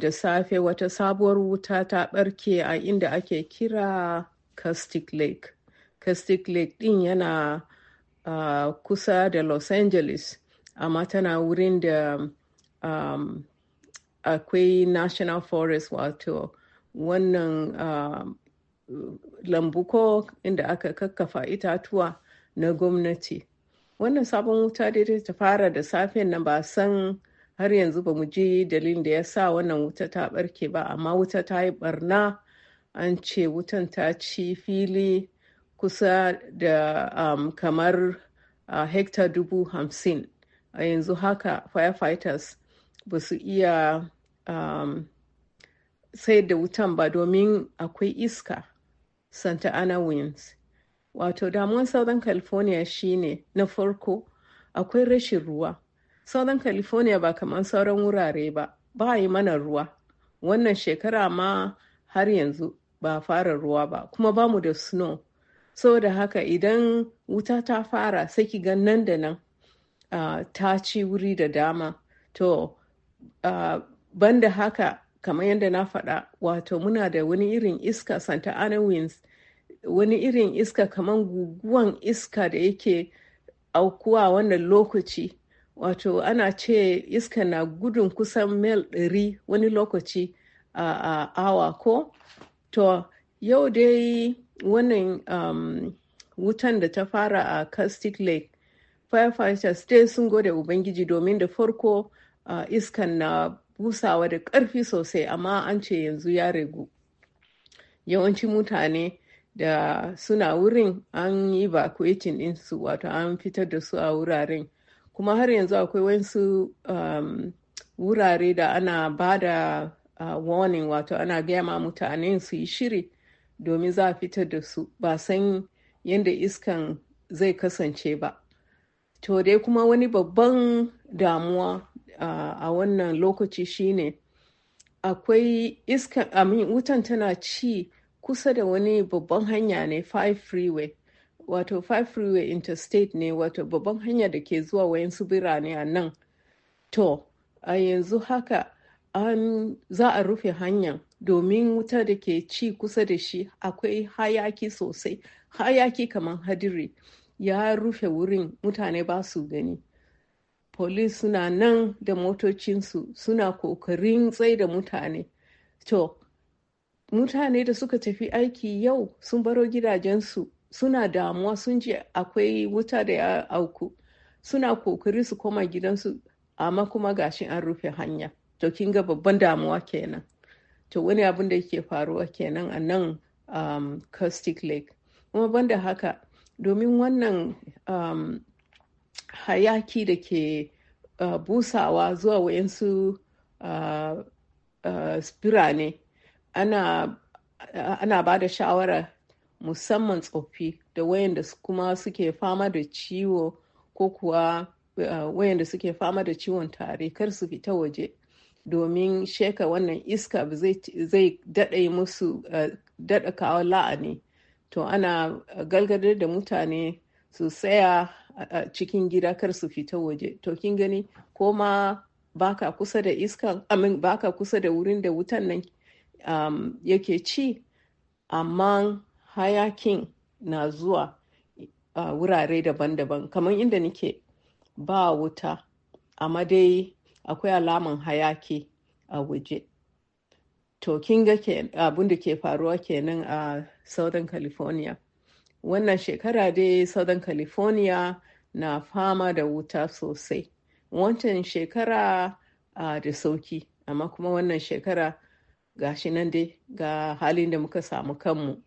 Da safe wata sabuwar wuta ta barke a inda ake kira Caustic Lake. Caustic Lake ɗin yana uh, kusa da Los Angeles, amma tana wurin da um, akwai National Forest wato wannan uh, lambuko inda aka kakkafa itatuwa na gwamnati. Wannan sabon wuta daidai ta fara da safen nan ba san har yanzu ba mu ji dalilin da ya sa wannan wuta ta barke ba amma wuta ta yi barna an ce wutan ta ci fili kusa da um, kamar uh, hekta dubu hamsin a yanzu haka firefighters ba su iya um, sayar da wutan ba domin akwai iska santa ana winds wato damuwan southern california shine na farko akwai rashin ruwa Southern California ba kamar sauran wurare ba, ba yi mana ruwa. Wannan shekara ma har yanzu ba fara ruwa ba, kuma ba mu da snow. Saboda haka idan wuta ta fara sai ki gan nan da nan ta ci wuri da dama. To, banda haka kamar yadda na faɗa wato muna da wani irin iska santa ana winds wani irin iska kamar guguwan iska da yake aukuwa wannan lokaci wato ana ce iska na gudun kusan mil ɗari wani lokaci a awa ko to yau dai wannan um, wutan da ta fara a Castic Lake. Firefighters dai sun gode Ubangiji domin da farko uh, iskan na busawa da ƙarfi sosai amma an ce yanzu ya ragu. yawanci mutane da suna wurin an yi evacuating ɗinsu wato an fitar da su a wuraren kuma har yanzu akwai wasu um, wurare da ana ba da uh, warning wato ana gaya ma mutane su yi shiri domin za a fitar da su ba san yadda iskan zai kasance ba to dai kuma wani babban damuwa uh, a wannan lokaci shine akwai iskan amin wutan tana ci kusa da wani babban hanya ne five freeway wato five freeway interstate ne wato babban hanya da ke zuwa wayansu birane a nan to a yanzu haka an za a rufe hanyar domin wuta da ke ci kusa da shi akwai hayaki sosai hayaki kamar hadiri ya rufe wurin mutane ba su gani polis suna nan da motocinsu suna kokarin tsai da mutane to mutane da suka tafi aiki yau sun baro gidajensu suna damuwa sun ji akwai wuta da ya auku suna kokari su koma gidansu amma kuma gashi an rufe hanya to kin ga babban damuwa kenan to wani abin da yake faruwa kenan a nan um, caustic lake kuma banda haka domin wannan um, hayaki da ke uh, busawa zuwa wayansu uh, uh, birane ana, ana ba da shawara musamman tsoffi da wayanda kuma suke fama da ciwo ko kuwa eh, wayanda suke fama da ciwon tare kar su fita waje domin sheka wannan iska zai daɗa musu eh, daɗa kawo la'ani to ana galgadar da mutane su tsaya a cikin gida kar su fita waje to kin gani ko ma baka kusa da iskan amin baka kusa da wurin da wutan nan um, yake ci amma hayakin na zuwa a wurare daban-daban kamar inda nike ba wuta amma dai akwai alaman hayaki a waje to kin ga abin da ke faruwa kenan a southern california wannan shekara dai southern california na fama da wuta sosai wancan shekara uh, da sauki amma kuma wannan shekara ga nan dai ga halin da muka samu kanmu